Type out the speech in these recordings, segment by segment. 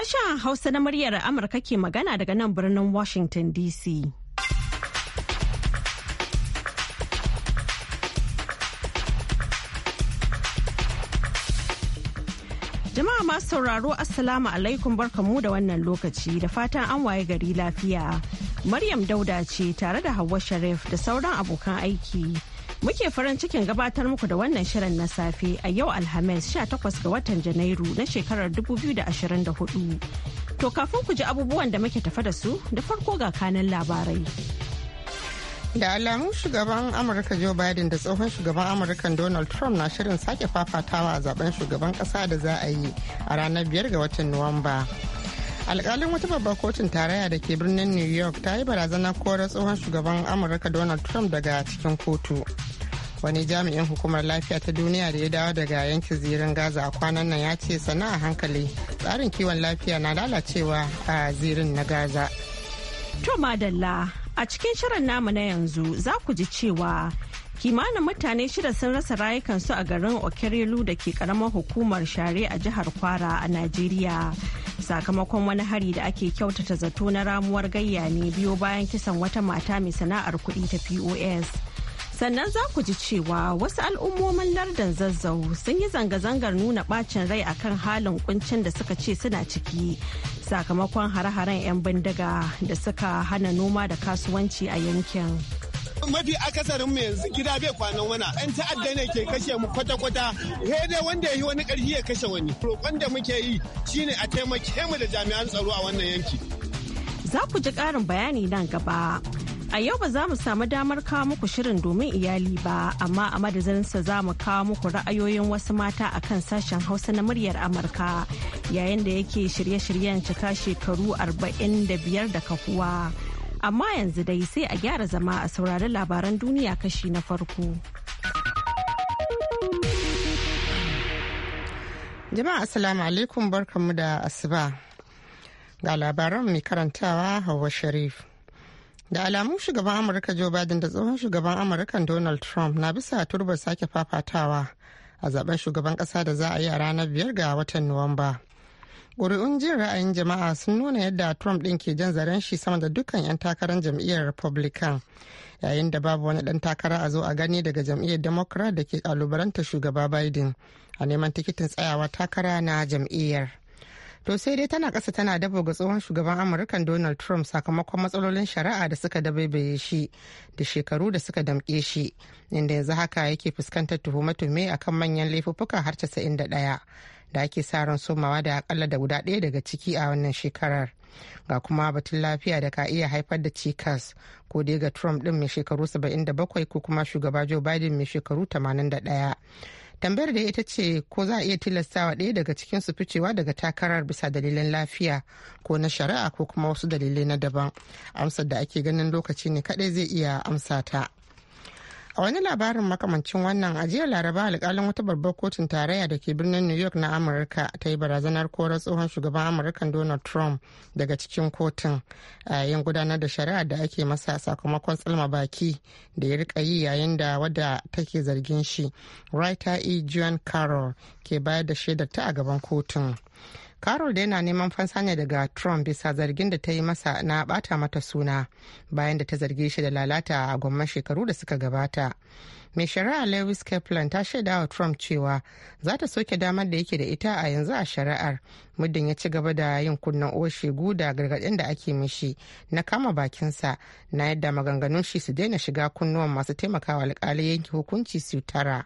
Sashen Hausa na muryar Amurka ke magana daga nan birnin Washington DC. Jama'a masu sauraro Assalamu alaikum barkamu da wannan lokaci da fatan an waye gari lafiya. Maryam Dauda ce tare da Hauwa Sharif da sauran abokan aiki. Muke farin cikin gabatar muku da wannan shirin na safe a yau Alhamis 18 ga watan Janairu na shekarar 2024. To kafin ku ji abubuwan da muke tafa da su da farko ga kanan labarai. Da alamun shugaban Amurka Joe Biden da tsohon shugaban Amurka Donald Trump na shirin sake fafatawa a zaben shugaban kasa da za a yi a ranar biyar ga watan Nuwamba. alkalin wata babbar kotun tarayya da ke birnin new york ta yi barazana korar tsohon shugaban amurka donald trump daga cikin kotu wani jami'in hukumar lafiya ta duniya da ya dawo daga yankin zirin gaza a kwanan nan ya ce sana a hankali tsarin kiwon lafiya na lalacewa a zirin na gaza to madalla a cikin shirin namu na yanzu za ku ji cewa kimanin mutane shida sun rasa rayukansu a garin okerelu da ke karamar hukumar share a jihar kwara a najeriya sakamakon wani hari da ake kyautata zato na ramuwar gayya ne biyo bayan kisan wata mata mai sana'ar kuɗi ta pos sannan za ku ji cewa wasu al'ummomin lardin zazzau sun yi zanga-zangar nuna bacin rai akan halin kuncin da suka ce suna ciki sakamakon hare-haren 'yan bindiga da suka hana noma da kasuwanci a yankin mafi akasarin mu yanzu gida bai kwanan wana an ta'adda ne ke kashe mu kwata-kwata hede wanda ya yi wani karfi ya kashe wani roƙon da muke yi shine a taimake mu da jami'an tsaro a wannan yanki za ku ji ƙarin bayani nan gaba A yau ba za mu samu damar kawo muku shirin domin iyali ba, amma a madadinsa za mu kawo muku ra'ayoyin wasu mata a kan sashen Hausa na muryar Amurka yayin da yake shirye-shiryen cika shekaru 45 da kafuwa. Amma yanzu dai sai a gyara zama a saurari labaran duniya kashi na farko. Jama'a asalamu alaikum barkanmu da asuba. Ga labaran mai karantawa Hauwa Sharif. da alamun shugaban amurka joe biden da tsohon shugaban amurka donald trump na bisa turbar sake fafatawa a zaben shugaban kasa da za a yi a ranar biyar ga watan nuwamba ƙuri'un jin ra'ayin jama'a sun nuna yadda trump ɗin ke jan zaren shi sama da dukkan 'yan takarar jam'iyyar republican yayin da babu wani ɗan takara a zo a gani daga jam'iyyar democrat da ke ƙalubalanta shugaba biden a neman tikitin tsayawa takara na jam'iyyar to sai dai tana kasa tana dabo ga tsohon shugaban amurka donald trump sakamakon matsalolin shari'a da suka dabaibaye shi da shekaru da suka damƙe shi inda yanzu haka yake fuskantar tuhume-tuhume kan manyan laifuffuka har 91 da ake sa ran somawa da akalla da guda ɗaya daga ciki a wannan shekarar ga kuma batun lafiya da ka iya haifar da cikas ko dai ga trump ɗin mai shekaru bakwai ko kuma shugaba joe biden mai shekaru 81 tambayar da ita ce ko za a iya tilastawa ɗaya daga cikin su ficewa daga takarar bisa dalilan lafiya ko na shari'a ko kuma wasu dalilai na daban amsar da ake ganin lokaci ne kaɗai zai iya amsa ta a wani labarin makamancin wannan a jiya laraba alkalin wata babbar kotun tarayya da ke birnin new york na amurka ta yi barazanar korar tsohon shugaban amurkan donald trump daga cikin kotun a yayin gudanar da shari'a da ake masa sakamakon tsalma baki da ya rika yi yayin da wadda take zargin shi writer e john carroll ke bayar da shaidar ta a gaban kotun carol da yana neman fansanya daga trump bisa zargin da ta yi masa na bata mata suna bayan da ta zarge shi da lalata a gwamman shekaru da suka gabata mai shari'a lewis kaplan ta shaida wa trump cewa za ta soke damar da yake da ita a yanzu a shari'ar muddin ya ci gaba da yin kunnen oshegu da gargaɗin da ake mishi na kama bakinsa na yadda maganganun shi su daina shiga kunnuwan masu taimakawa alkali yanke hukunci su tara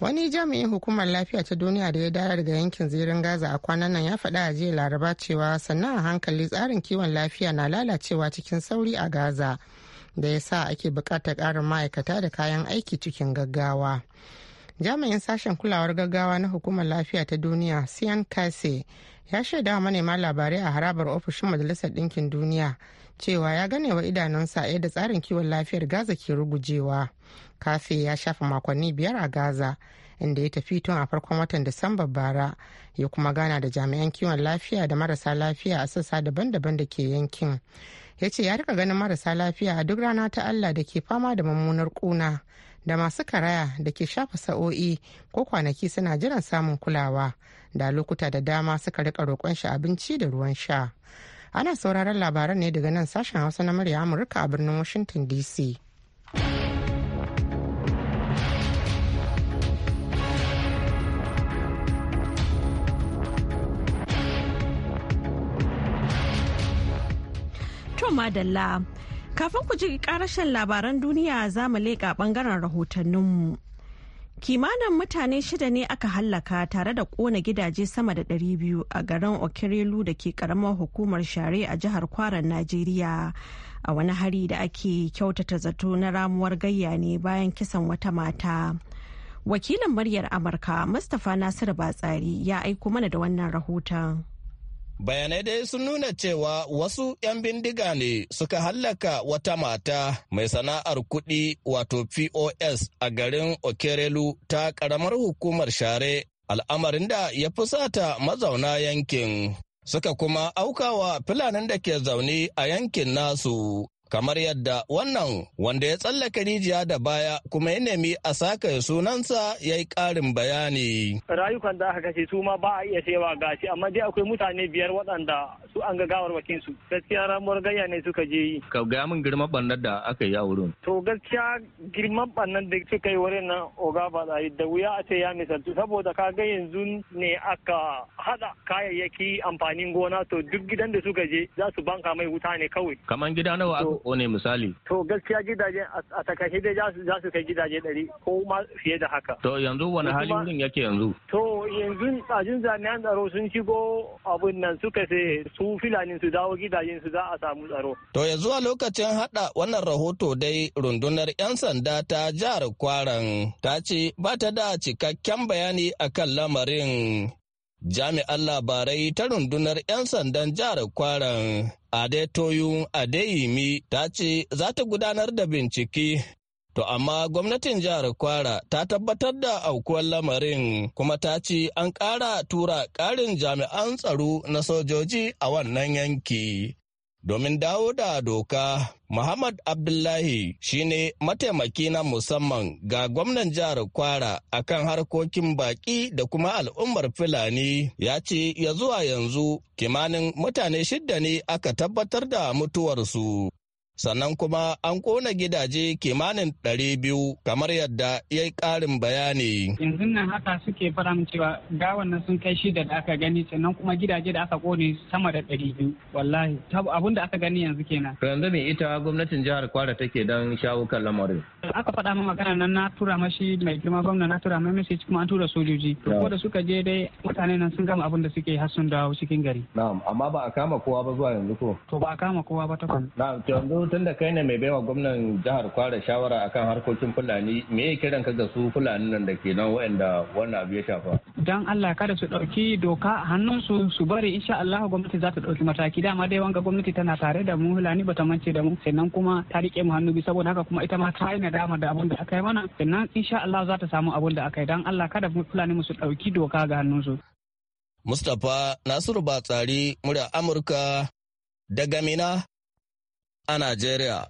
wani jami'in hukumar lafiya ta duniya da ya dara daga yankin zirin gaza a kwanan nan ya faɗa a jiya laraba cewa sannan a hankali tsarin kiwon lafiya na lalacewa cikin sauri a gaza da ya sa ake buƙatar ƙarin ma'aikata da kayan aiki cikin gaggawa jami'in sashen kulawar gaggawa na hukumar lafiya ta duniya sian kase ya shaida manema labarai a harabar ofishin majalisar ɗinkin duniya cewa ya gane wa idanunsa yadda tsarin kiwon lafiyar gaza ke rugujewa kafe ya shafa makonni biyar a gaza inda ya tafi tun a farkon watan disamba bara ya kuma gana da jami'an kiwon lafiya da marasa lafiya a sassa daban-daban da ke yankin ya ce ya rika ganin marasa lafiya a duk rana ta allah da ke fama da mummunar kuna da masu karaya da ke shafa sa'o'i ko kwanaki suna jiran samun kulawa da lokuta da dama suka rika roƙon shi abinci da ruwan sha ana sauraron labaran ne daga nan sashen hausa na murya amurka a birnin washington dc madalla kafin ku ji karashen labaran duniya za mu leƙa ɓangaren rahotanninmu. kimanin mutane shida ne aka hallaka tare da kona gidaje sama da 200 a garin okirelu da ke karamar hukumar share a jihar kwaran najeriya a wani hari da ake kyautata zato na ramuwar gayya ne bayan kisan wata mata wakilin muryar amurka mustapha nasiru batsari ya aiko mana da wannan rahoton Bayanai dai sun nuna cewa wasu 'yan bindiga ne suka hallaka wata mata mai sana'ar kuɗi wato POS a garin Okerelu ta ƙaramar hukumar share al'amarin da ya fusata mazauna yankin. Suka kuma aukawa filanin da ke zaune a yankin nasu kamar yadda wannan wanda ya tsallaka rijiya da baya kuma ya nemi a saka sunansa ya yi ƙarin bayani. Rayukan da aka kashe su ma ba a iya cewa gashi amma dai akwai mutane biyar waɗanda su an ga gawarwakin su gaskiya ramuwar gayya ne suka je yi. Ka gaya min girman bannan da aka yi a wurin. To gaskiya girman bannan da suka yi wurin nan oga ba tsari da wuya a ce ya misaltu saboda ka ga yanzu ne aka haɗa kayayyaki amfanin gona to duk gidan da suka je za su banka mai wuta ne kawai. Kaman gida nawa ne misali? To gaskiya gidaje a takashe dai za su kai gidaje ɗari ko ma fiye da haka. To yanzu wani hali wurin yake yanzu? To yanzu tsajin jami'an tsaro sun shigo abin nan suka ce su filanin su dawo gidajen su za a samu tsaro. To yanzu a lokacin hada wannan rahoto dai rundunar 'yan sanda ta jihar Kwaran ta ce ba ta da cikakken bayani akan lamarin Jami'an labarai ta rundunar 'yan sandan jihar Kwaran Adetoyu Adeyimi ta ce za ta gudanar da bincike To amma gwamnatin jihar Kwara ta tabbatar da aukuwar lamarin kuma ta ce an ƙara tura ƙarin jami'an tsaro na sojoji a wannan yanki. domin dawo da doka Muhammad Abdullahi shi ne mataimaki na musamman ga gwamnan jihar Kwara akan harkokin baƙi da kuma al'ummar Fulani ya ce ya zuwa yanzu kimanin mutane shidda ne aka tabbatar da mutuwarsu sannan kuma an kona gidaje kimanin ɗari biyu kamar yadda ya yi ƙarin bayani. Yanzu nan haka suke fara cewa gawan nan sun kai shida da aka gani sannan kuma gidaje da aka kone sama da ɗari biyu wallahi abun da aka gani yanzu kenan. Yanzu ne ita gwamnatin jihar Kwara take don shawo kan lamarin. Aka faɗa min magana nan na tura mashi mai girma gwamna na tura mai message kuma an tura sojoji. Ko da suka je dai mutane nan sun gama abun da suke har sun dawo cikin gari. Na'am amma ba a kama kowa ba zuwa yanzu ko. To ba a kama kowa ba ta Na'am yanzu tun da kai ne mai baiwa gwamnan jihar Kwara shawara akan harkokin Fulani, me ya kiran ka ga su Fulani nan da ke nan wa'anda wannan abu ya shafa? Dan Allah kada su ɗauki doka a hannunsu su bari insha Allah gwamnati za ta ɗauki mataki dama dai wanga gwamnati tana tare da mu Fulani bata mance da mu sannan kuma ta riƙe mu hannu bi saboda haka kuma ita ma ta yi nadama da abun da aka yi mana sannan insha Allah za ta samu abun da aka yi dan Allah kada Fulani mu su ɗauki doka ga hannunsu. Mustapha Nasiru Batsari, murya Amurka daga Mina a Najeriya.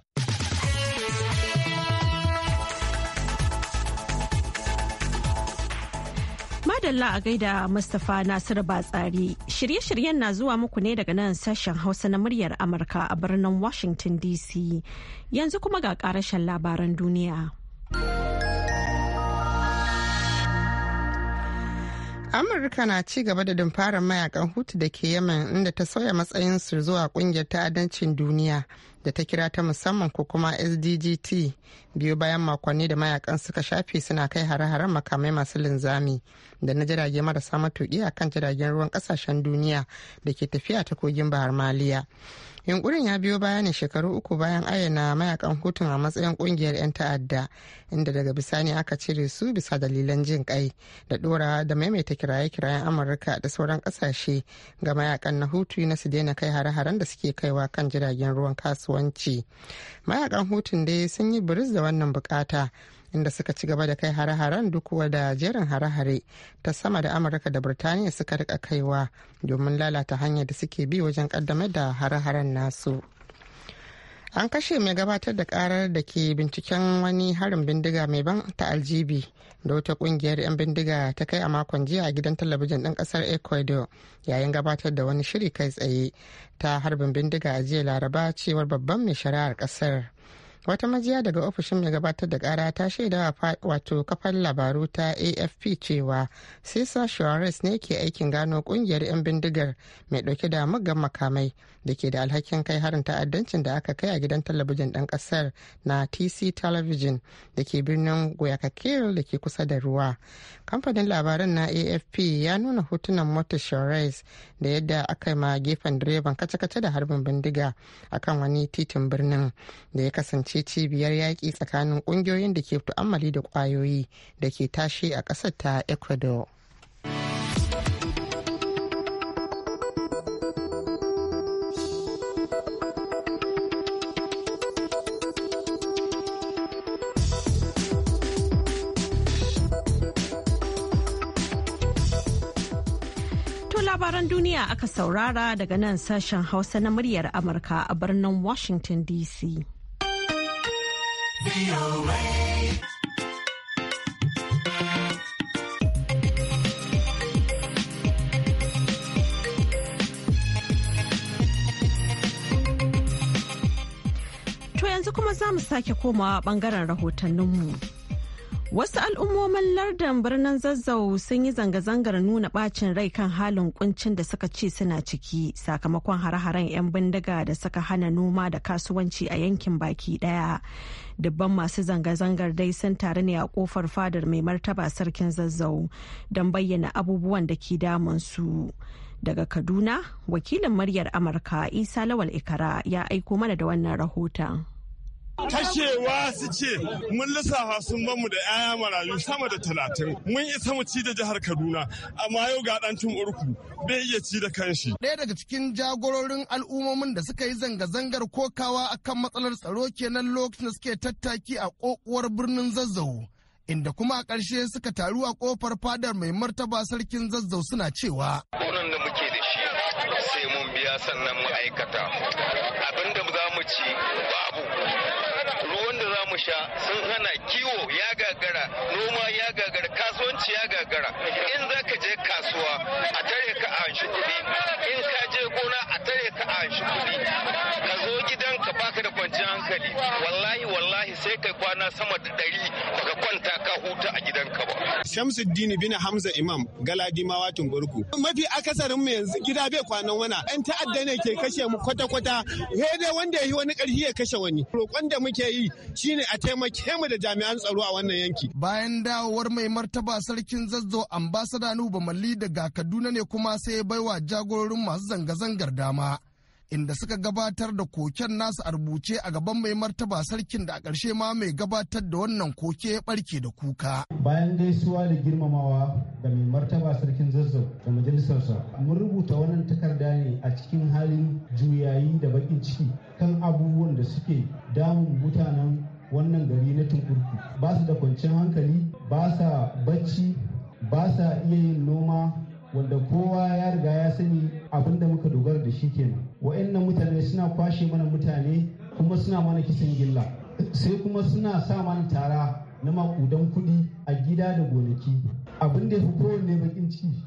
Madalla a gaida Mustapha Nasiru Batsari. Shirye-shiryen na zuwa muku ne daga nan sashen Hausa na muryar Amurka a birnin Washington DC. Yanzu kuma ga karashen labaran duniya. Amurka na ci gaba da dumfarar mayakan hutu da ke Yemen inda ta sauya su zuwa kungiyar ta'addancin duniya da ta kira ta musamman ko kuma sdgt biyu bayan makonni da mayakan suka shafe suna kai hare-haren makamai masu linzami da na jirage marasa matuki a kan jiragen ruwan kasashen duniya da ke tafiya ta kogin bahar maliya yunkurin ya biyo baya ne shekaru uku bayan ayyana mayakan hutun a matsayin kungiyar 'yan ta'adda inda daga bisani aka cire su bisa dalilan jin kai da ɗorawa da maimaita kiraye-kirayen amurka da sauran kasashe ga mayakan na hutu na su daina kai hare-haren da suke kaiwa kan jiragen ruwan kasuwa kasuwanci mayakan hutun dai sun yi biris da wannan bukata inda suka ci gaba da kai hare-haren duk da jerin hare-hare ta sama da amurka da birtaniya suka rika kaiwa domin lalata hanyar da suke bi wajen kaddamar da hare-haren nasu an kashe mai gabatar da karar da ke binciken wani harin bindiga mai ban ta aljibi da wata kungiyar 'yan bindiga ta kai a makon jiya a gidan talabijin ɗin ƙasar ecuador yayin gabatar da wani shiri kai tsaye ta harbin bindiga a jiya laraba cewar babban mai shari'ar ƙasar wata majiya daga ofishin mai gabatar da kara ta shaida wato kafar labaru ta afp cewa cesar suarez ne ke aikin gano kungiyar 'yan bindigar mai dauke da muggan makamai da ke da alhakin kai harin ta'addancin da aka kai a gidan talabijin ɗan kasar na tc television da ke birnin guayaquil da ke kusa da ruwa kamfanin labaran na afp ya nuna hotunan mota suarez da yadda aka ma gefen direban kace-kace da harbin bindiga akan wani titin birnin da ya kasance ce cibiyar yaƙi tsakanin ƙungiyoyin da ke tu'ammali da ƙwayoyi da ke tashi a ƙasar ta ecuador labaran duniya aka saurara daga nan sashen hausa na muryar amurka a birnin washington dc To yanzu kuma za mu sake komawa bangaren rahotanninmu. Wasu al'ummomin lardin birnin zazzau sun yi zanga-zangar nuna bacin rai kan halin kuncin da suka ce suna ciki sakamakon hare-haren 'yan bindiga da suka hana noma da kasuwanci a yankin baki daya. Dubban masu zanga-zangar dai sun taru ne a kofar fadar mai martaba sarkin zazzau don bayyana abubuwan da ke damun su. Daga Kaduna, wakilin muryar Amurka Isa Lawal Ikara ya aiko mana da wannan rahoton. kashewa su ce mun lissafa sun bamu da 'ya'ya marayu sama da talatin mun isa mu ci da jihar kaduna amma yau ga dan urku bai iya ci da kanshi ɗaya daga cikin jagororin al'ummomin da suka yi zanga-zangar kokawa akan matsalar tsaro kenan lokacin da suke tattaki a kokuwar birnin zazzau inda kuma a karshe suka taru a kofar fadar mai martaba sarkin zazzau suna cewa da muke da shi sai mun biya sannan ma'aikata abinda za mu ci babu mu sha sun hana kiwo ya gagara noma ya gagara kasuwanci ya gagara in za ka je kasuwa a tare ka a shi kuɗi in ka je gona a tare ka a shi kuɗi baka da kwanciyar hankali wallahi wallahi sai kai kwana sama da ɗari baka kwanta ka huta a gidanka ba. Shamsuddin bin Hamza Imam Galadi Galadimawa Tumburku. Mafi akasarin mu yanzu gida bai kwanan wana Yan ta'adda ne ke kashe mu kwata-kwata dai wanda ya yi wani ƙarfi ya kashe wani. Roƙon da muke yi shine a taimake mu da jami'an tsaro a wannan yanki. Bayan dawowar mai martaba sarkin zazzo ambasada Nuba Malli daga Kaduna ne kuma sai baiwa jagororin masu zanga-zangar dama. inda suka gabatar da koken nasu a rubuce a gaban mai martaba sarkin da a ƙarshe ma mai gabatar da wannan koke ya ɓarke da kuka. Bayan gaisuwa da girmamawa da mai martaba sarkin zazzau da majalisarsa mun rubuta wannan takarda ne a cikin halin juyayi da baƙin ciki kan abubuwan da suke damun mutanen wannan gari na tunkurku ba su da kwanciyar hankali ba sa bacci ba sa iya yin noma wanda kowa ya riga ya sani abin da muka dogara da shi kenan wa'annan mutane suna kwashe mana mutane kuma suna mana kisan gilla sai kuma suna sa mana tara na makudan kuɗi a gida da gonaki abin da ya fi kowanne bakin ciki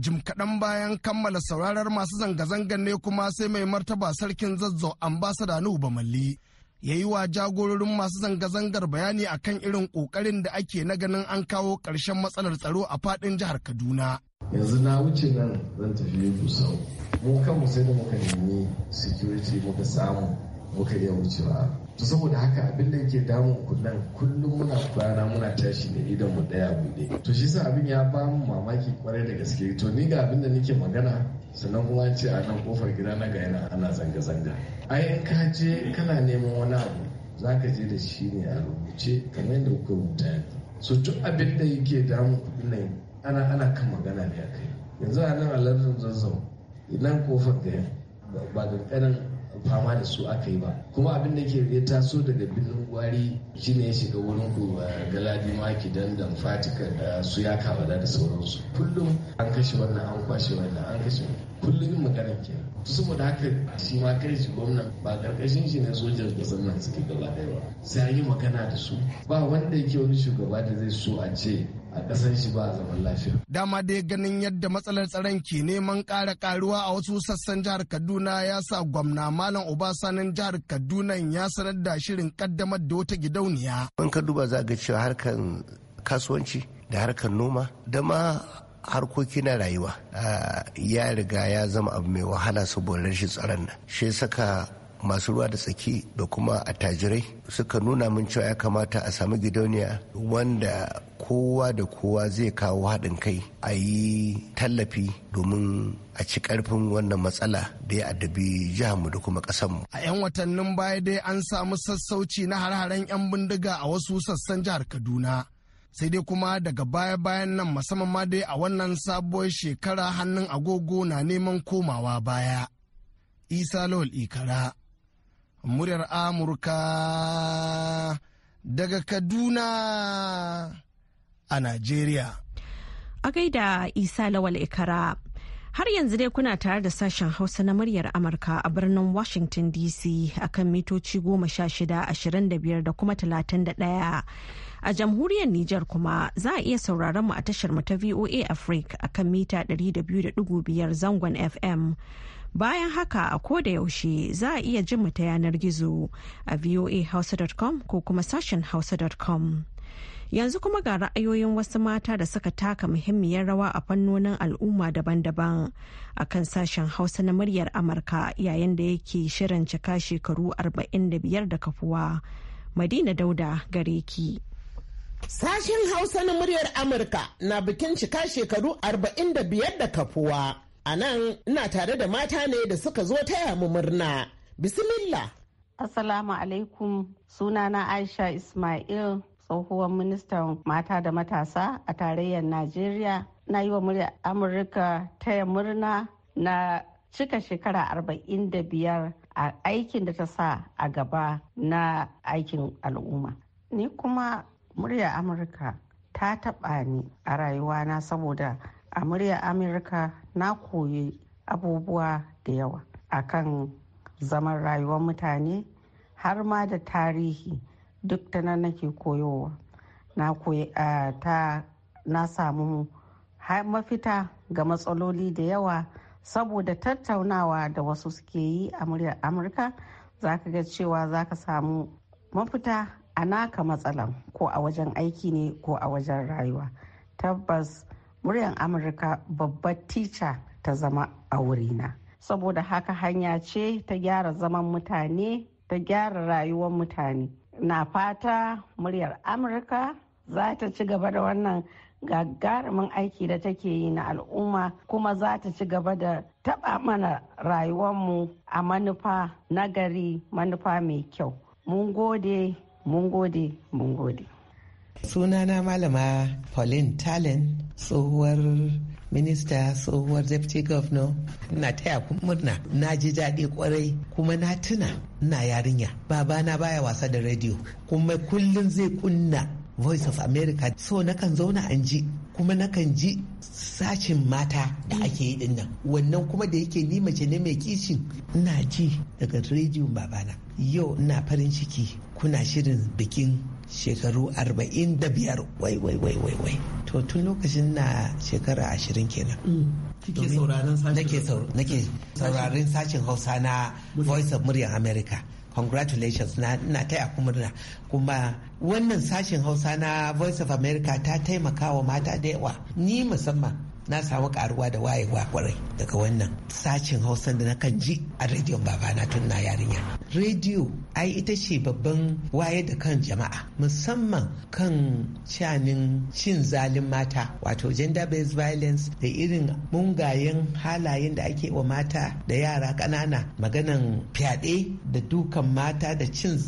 Jim kaɗan bayan kammala sauraron masu zanga-zangar ne kuma sai mai martaba sarkin zazzau ambasada Nuhu Bamalli ya yi wa jagororin masu zanga-zangar bayani a kan irin ƙoƙarin da ake na ganin an kawo ƙarshen matsalar tsaro a faɗin jihar Kaduna. Yanzu na wuce nan zan tafi Gusau. Mu kanmu sai da muka nemi security muka samu muka iya wucewa. To saboda haka abin da yake damun kunnan kullum muna kwana muna tashi ne idan mu ɗaya buɗe. To shi sa abin ya ba mu mamaki kwarai da gaske. To ni ga abin da nake magana sannan kuma ce a nan kofar gida na ga yana ana zanga-zanga ai in ka je kana neman wani abu za ka je da shi ne a rubuce kamar yadda kuka rubuta yanzu so duk abin da yake damu ne ana ana kan magana ne a kai yanzu a nan a lardin zazzau idan kofar gaya ba da ƙanƙanin fama da su aka yi ba kuma abin da ke ya taso daga birnin gwari shine ya shiga wurin ku eh, galadi maki dan fatika da su ya kama da sauransu kullum an kashe wannan an kwashe wannan an kashe kullum magana ke da haka shi ma kai shi gwamnan ba karkashin shi ne sojan kasar nan suke gaba ɗaya ba sai an yi magana da su ba wanda yake wani shugaba da zai so a ce a ƙasar shi ba a zaman lafiya. Dama dai ganin yadda matsalar tsaron ke neman ƙara karuwa a wasu sassan jihar Kaduna ya sa gwamna Malam Obasanin jihar Kaduna ya sanar da shirin ƙaddamar da wata gidauniya. In ka duba za ga cewa harkan kasuwanci da harkar noma da ma harkoki na rayuwa ah, ya riga ya zama abu mai wahala saboda rashin tsaron nan. Shi saka masu ruwa da tsaki da kuma attajirai suka nuna min cewa ya kamata a sami gidauniya wanda kowa da kowa zai kawo haɗin kai a yi tallafi domin a ci karfin wannan matsala da ya addabi jiharmu da kuma ƙasarmu. A 'yan watannin baya dai an samu sassauci na har-haren 'yan bindiga a wasu sassan jihar Kaduna. Sai dai kuma daga baya-bayan nan musamman ma dai a wannan sabuwar shekara hannun agogo na neman komawa baya. Isa Lawal Ikara muryar Amurka daga Kaduna a Najeriya. A gaida Isa Lawal Ikara. Har yanzu dai kuna tare da sashen Hausa na muryar Amurka a birnin Washington DC akan mitoci goma sha shida ashirin da biyar da kuma talatin da ɗaya. A jamhuriyar Nijar kuma za a iya sauraron mu a tashar mu ta VOA Africa akan mita 200.5 zangon FM. Bayan haka a koda yaushe za a iya jin mu ta yanar gizo a voahausa.com ko kuma sashen hausa.com. Yanzu kuma ga ra'ayoyin wasu mata da suka taka muhimmiyar rawa a fannonin al'umma daban-daban a kan sashen Hausa na muryar Amurka yayin da yake shirin cika shekaru 45 da kafuwa. Madina Dauda gare ki. Sashen Hausa na muryar Amurka na bikin cika shekaru 45 da kafuwa. A nan ina tare da mata ne da suka zo taya mu murna. bisimilla Assalamu alaikum sunana Aisha Ismail tsohuwar ministan mata da matasa a tarayyar Najeriya. Na yi wa murya Amurka taya murna na cika shekara arba'in da biyar a aikin da ta sa a gaba na aikin al'umma. Ni kuma murya Amurka ta taɓa ni a rayuwana saboda a muryar amurka na koyi abubuwa da yawa akan zaman rayuwar mutane har ma da tarihi duk ta nan nake koyowa na koyi ta na samu mafita ga matsaloli da yawa saboda tattaunawa da wasu suke yi a muryar amurka za ka ga cewa za ka samu mafita a naka matsalan ko a wajen aiki ne ko a wajen rayuwa tabbas muryar amurka babbar tica ta zama a wurina saboda haka hanya ce ta gyara zaman mutane ta gyara rayuwar mutane na fata muryar amurka za ta ci gaba da wannan gagarumin aiki da take yi na al'umma kuma za ta ci gaba da taba mana rayuwarmu a manufa nagari manufa mai kyau mun gode mun gode mun gode Sunana Malama Pauline Talen, tsohuwar minista tsohuwar deputy governor na taya murna na ji daɗi kwarai kuma na tuna na yarinya babana baya wasa da rediyo kuma kullum zai kunna voice of america so nakan zauna an ji kuma nakan ji sashin mata da ake yi din nan wannan kuma da yake ni mace ne mai kishin ina ji daga rediyon babana yau ina farin ciki kuna shirin bikin shekaru 45 wai wai wai wai wai to tun lokacin na shekara 20 kenan mm. nake sauraron sashen hausa na voice of muryan america congratulations na ina taya ku murna kuma wannan sashen hausa na voice of america ta taimaka wa mata da yawa ni musamman na samu karuwa da wayewa kwarai daga wannan sacin hausan da na kan ji a rediyon babana tun na yarinya rediyo ai ita ce babban waye da kan jama'a musamman kan canin cin zalin mata wato gender based violence da irin mungayen halayen da ake wa mata da yara ƙanana maganan fyaɗe da dukan mata da cin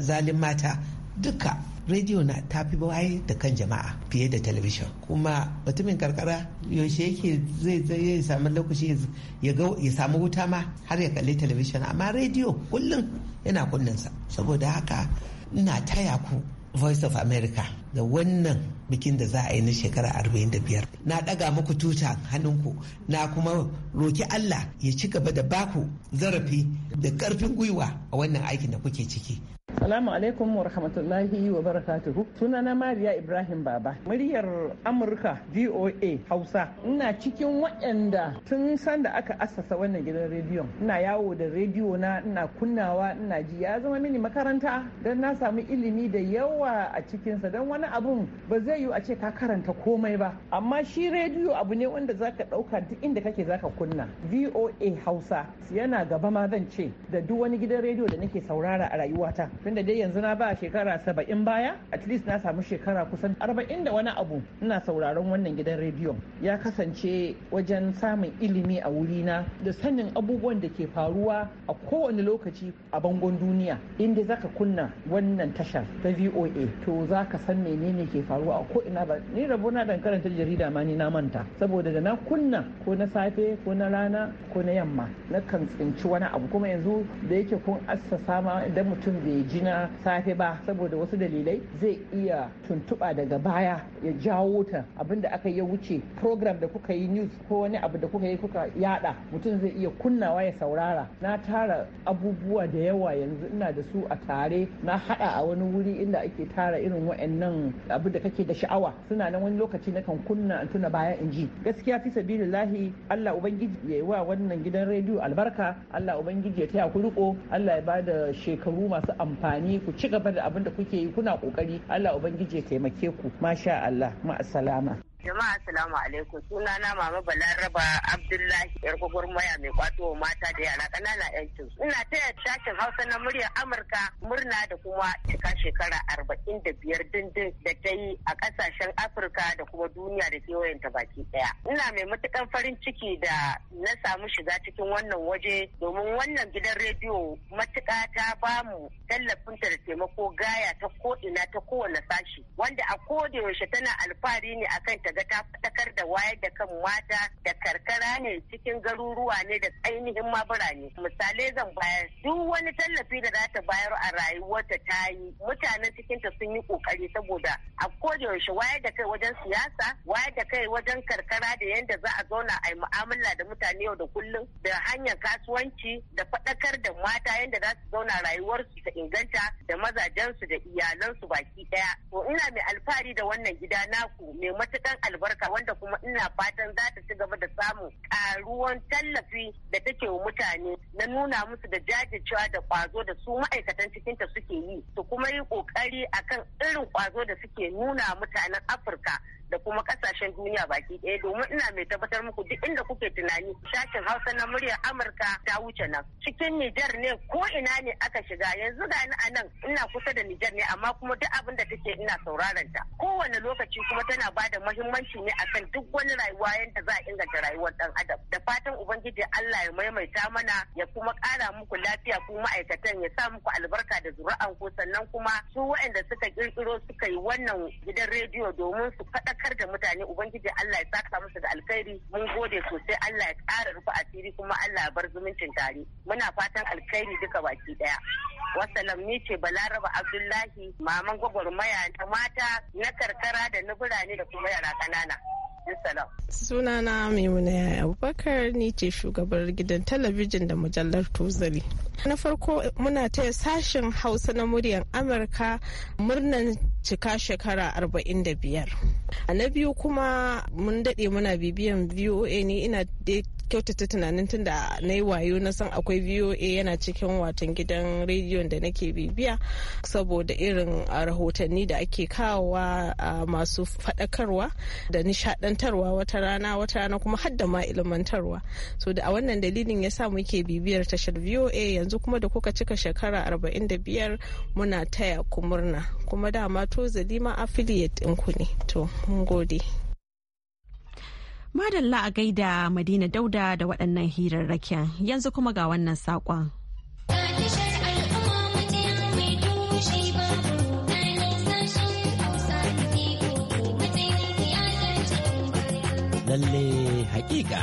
zalin mata duka rediyo na tafi fi waye da kan jama'a fiye da talabishin kuma mutumin karkara yaushe yake zai zai samu lokaci ya ga ya samu wuta ma har ya kalli talabishin amma rediyo kullum yana kunninsa saboda haka ina taya ku voice of america da wannan bikin da za a yi na shekara 45 na daga muku tuta hannunku na kuma roki allah ya ci gaba da baku zarafi da karfin gwiwa a wannan aikin da kuke ciki Assalamu alaikum wa rahmatullahi wa barakatuhu. Sunana Mariya Ibrahim Baba. Muryar Amurka VOA Hausa. Ina cikin waɗanda tun sanda aka assasa wannan gidan rediyon. Ina yawo da rediyo na ina kunnawa ina ji ya zama mini makaranta don na samu ilimi da yawa a cikinsa don wani abun ba zai yiwu a ce ka karanta komai ba. Amma shi rediyo abu ne wanda zaka ɗauka duk inda kake zaka kunna. VOA Hausa yana gaba ma zan ce da duk wani gidan rediyo da nake saurara a rayuwata. da dai yanzu na ba shekara saba'in baya at least na samu shekara kusan arba'in da wani abu ina sauraron wannan gidan rediyon ya kasance wajen samun ilimi a wurina da sanin abubuwan da ke faruwa a kowane lokaci a bangon duniya inda zaka kunna wannan tashar ta voa to zaka san menene ke faruwa a ko ina ba ni na dan karanta jarida ma ni na manta saboda da na kunna ko na safe ko na rana ko na yamma na kan tsinci wani abu kuma yanzu da yake kun assasa ma idan mutum bai je na safe ba saboda wasu dalilai zai iya tuntuɓa daga baya ya jawo ta abin da aka yi wuce program da kuka yi news ko wani abu da kuka yi kuka yada mutum zai iya kunnawa ya saurara na tara abubuwa da yawa yanzu ina da su a tare na hada a wani wuri inda ake tara irin wa'annan abu da kake da sha'awa suna nan wani lokaci na kan kunna in tuna baya in ji gaskiya fi sabilillahi Allah ubangiji ya yi wa wannan gidan rediyo albarka Allah ubangiji ya taya ku riko Allah ya bada shekaru masu amfani amfani ku ci gaba da abin da kuke yi kuna kokari Allah ubangiji ya taimake ku masha Allah ma'asalama. Jama'a salamu alaikum suna na Mama Balaraba Abdullahi yar gwagwarmaya mai kwato mata da yara ƙanana yancin ina taya sashen Hausa na muryar Amurka murna da kuma cika shekara arba'in da biyar dindin da ta yi a ƙasashen Afirka da kuma duniya da kewayenta baki ɗaya. Ina mai matukan farin ciki da na samu shiga cikin wannan waje domin wannan gidan rediyo matuƙa ta bamu tallafinta da taimako gaya ta ko'ina ta kowane sashi wanda a koda yaushe tana alfahari ne akan ta ga ta faɗakar da wayar da kan mata da karkara ne cikin garuruwa ne da ainihin ma birane misalai zan bayar duk wani tallafi da za ta bayar a rayuwarta ta yi mutanen cikinta sun yi kokari saboda a kodayaushe wayar da kai wajen siyasa wayar da kai wajen karkara da yadda za a zauna a yi mu'amala da mutane yau da kullum da hanyar kasuwanci da faɗakar da mata yadda za su zauna rayuwarsu ta inganta da mazajensu da iyalansu baki ɗaya to ina mai alfahari da wannan gida naku mai matukan albarka wanda kuma ina fatan za ta ci gaba da samun karuwan tallafi da take wa mutane na nuna musu da jajircewa da kwazo da su ma'aikatan cikinta suke yi su kuma yi kokari akan irin kwazo da suke nuna mutanen afirka da kuma kasashen duniya baki ɗaya domin ina mai tabbatar muku duk inda kuke tunani sashen hausa na muryar amurka ta wuce nan cikin nijar ne ko ina ne aka shiga yanzu ga ni a nan ina kusa da nijar ne amma kuma duk abin da take ina sauraron ta kowane lokaci kuma tana ba da muhimmanci ne akan duk wani rayuwa yadda za a inganta rayuwar dan adam da fatan ubangiji Allah ya maimaita mana ya kuma kara muku lafiya ku ma'aikatan ya sa muku albarka da zuri'an ku sannan kuma su waɗanda suka kirkiro suka yi wannan gidan rediyo domin su faɗa Kar da mutane ubangiji Allah ya saka musu da alkhairi mun gode sosai Allah ya ƙara rufe asiri kuma Allah ya bar zumuncin tare muna fatan alkhairi duka baki daya wasalam ni ce balaraba abdullahi maman gwagwarmaya Ta mata na karkara da na birane da kuma yara ƙanana Sunana Maimuna Abubakar ni ce shugabar gidan talabijin da mujallar Tozali. Na farko muna taya sashen Hausa na muryar Amurka murnan cika shekara 45. A na biyu kuma mun daɗe muna bibiyan VOA ne ina kyautata tunanin tun da na yi wayo na san akwai voa yana cikin watan gidan rediyon da nake bibiya saboda irin rahotanni da ake kawowa masu faɗakarwa da nishaɗantarwa wata rana wata rana kuma hadda ma ilmantarwa so da a wannan dalilin ya sa muke bibiyar tashar voa yanzu kuma da kuka cika shekara arba'in da biyar muna taya ku murna kuma dama to zalima affiliate ɗinku ne to mun gode Madalla a gaida Madina Dauda da waɗannan hirarraken yanzu kuma ga wannan saƙon. Lalle hakika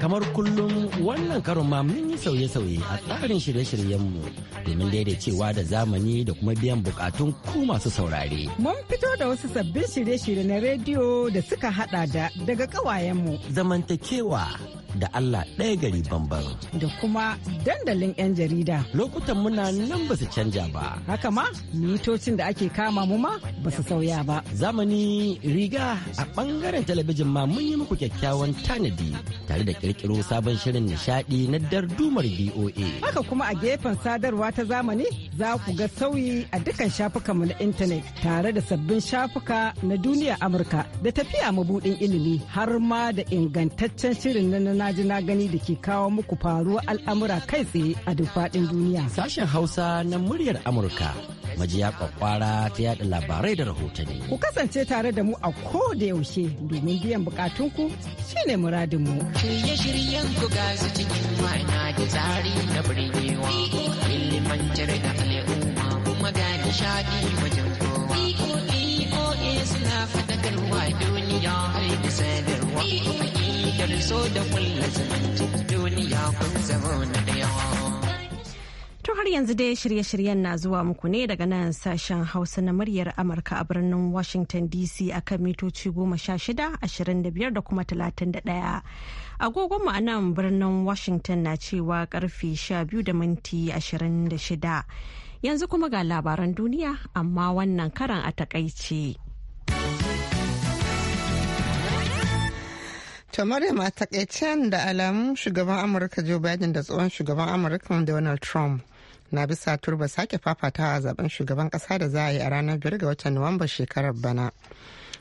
kamar kullum wannan karon ma mun yi sauye-sauye a tsarin shirye-shiryenmu domin daidaicewa da zamani da kuma biyan bukatun ku masu saurare. Mun fito da wasu sabbin shirye-shirye na rediyo da suka hada da daga kawayenmu. Zamantakewa da Allah ɗaya gari bambam. Da kuma dandalin 'yan jarida. Lokutan muna nan ba su canja ba. Haka ma, mitocin da ake kama mu ma ba su sauya ba. Zamani riga a ɓangaren talabijin ma mun yi muku kyakkyawan tanadi tare da kirkiro sabon shirin nishadi na dardumar BOA. Haka kuma a gefen sadarwa ta zamani za ku ga sauyi a dukkan shafukanmu na intanet tare da sabbin shafuka na duniya Amurka da tafiya mabudin ilimi har ma da ingantaccen shirin na naji na gani da ke kawo muku faruwar al'amura kai tsaye a duk faɗin duniya. Sashen Hausa na muryar Amurka. majiya kwakwara ta yada labarai da rahotanni. Ku kasance tare da mu a ko da yaushe domin biyan bukatunku shine muradinmu. Shirye-shiryen ku ga su cikin ma'ana da tsari da birgewa, ilimantar da al'umma kuma ga nishaɗi wajen kowa. BOA suna faɗakarwa duniya har da sadarwa, fa'idar so da yanzu dai shirye-shiryen na zuwa muku ne daga nan sashen Hausa na muryar Amurka a birnin Washington DC akan mitoci goma sha shida, ashirin da biyar da kuma talatin da ɗaya. Agogon mu a birnin Washington na cewa karfe sha da minti da shida. Yanzu kuma ga labaran duniya amma wannan karan a takaice. Tamariam a takaicen da alamun shugaban Amurka Joe Biden da tsohon shugaban Amurka Donald Trump na bisa turba sake fafatawa a zaben shugaban kasa da za a yi a ranar biyar ga watan nuwamba shekarar bana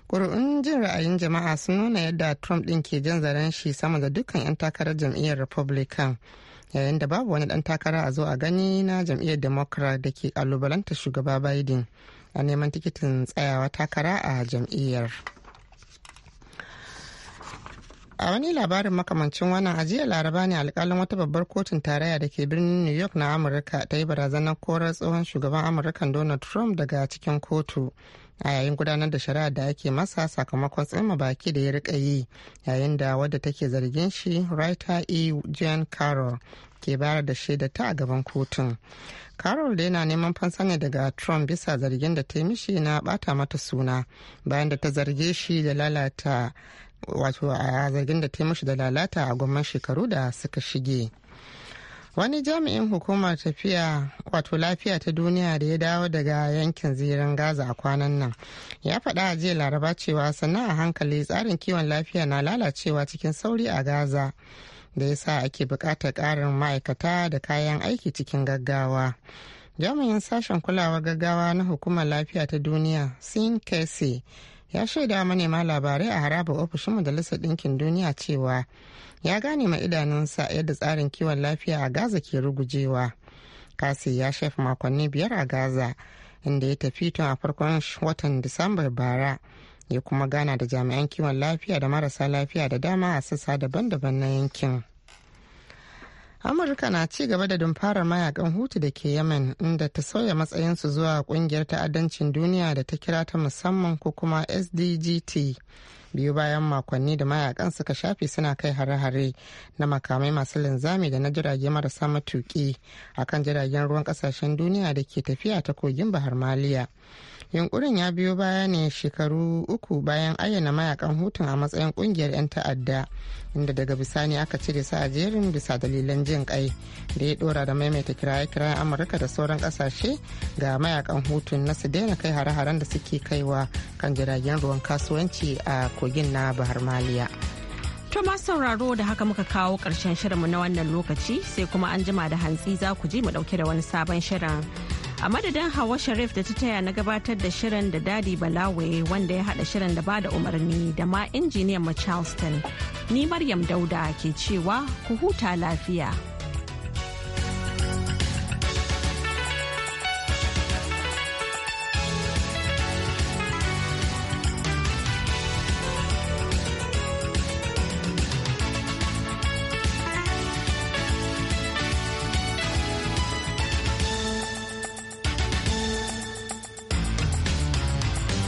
ƙuri'un jin ra'ayin jama'a sun nuna yadda trump ɗin ke jan zaren shi sama da dukkan 'yan takarar jam'iyyar republican yayin da babu wani ɗan takara a zo a gani na jam'iyyar democrat da ke kalubalanta shugaba biden a neman tikitin tsayawa takara a jam'iyyar. a wani labarin makamancin wannan ajiyar laraba ne alkalin wata babbar kotun tarayya da ke birnin new york na amurka ta yi barazanar korar tsohon shugaban amurka donald trump daga cikin kotu a yayin gudanar da shari'a da ake masa sakamakon tsima baki da ya rika yi yayin da wadda take zargin shi writer e jean carroll ke bayar da shaida ta a gaban kotun carol da yana neman fansa daga trump bisa zargin da ta yi mishi na bata mata suna bayan da ta zarge shi da lalata wato a zargin da ta mashi da lalata a goma shekaru da suka shige wani jami'in hukumar tafiya wato lafiya ta duniya da ya dawo daga yankin zirin gaza a kwanan nan ya faɗa a jiya laraba cewa sannan a hankali tsarin kiwon lafiya na lalacewa cikin sauri a gaza da ya sa ake buƙatar ƙarin ma'aikata da kayan aiki cikin gaggawa jami'in sashen kulawa gaggawa na hukumar lafiya ta duniya sin kese ya shaida manema labarai a harabar ofishin majalisar ɗinkin duniya cewa ya gane ma idanunsa yadda tsarin kiwon lafiya a gaza ke rugujewa kasi ya shafi makonni biyar a gaza inda ya tafi tun a farkon watan disambar bara ya kuma gana da jami'an kiwon lafiya da marasa lafiya da dama a sassa daban-daban na yankin amurka na ci gaba da dumfara mayakan hutu da ke yemen inda ta sauya matsayinsu zuwa kungiyar ta'addancin duniya da ta kira ta musamman ko kuma sdgt biyu bayan makonni da mayakan suka shafe suna kai hare-hare na makamai masu linzami da na jirage marasa matuki akan jiragen ruwan kasashen duniya da ke tafiya ta kogin bahar maliya yunkurin ya biyo baya ne shekaru uku bayan ayyana mayakan hutun a matsayin kungiyar 'yan ta'adda inda daga bisani aka cire su a jerin bisa dalilan jin kai da ya dora da maimaita kiraye-kirayen amurka da sauran kasashe ga mayakan hutun na su daina kai hare-haren da suke kaiwa kan jiragen ruwan kasuwanci a kogin na bahar maliya To ma sauraro da haka muka kawo karshen shirinmu na wannan lokaci sai kuma an jima da hantsi za ku ji mu ɗauke da wani sabon shirin. a madadin hawa sharif da ta taya na gabatar da shirin da dadi balawe wanda ya hada shirin da bada umarni da ma injiniyan mu charleston ni maryam dauda ke cewa ku huta lafiya.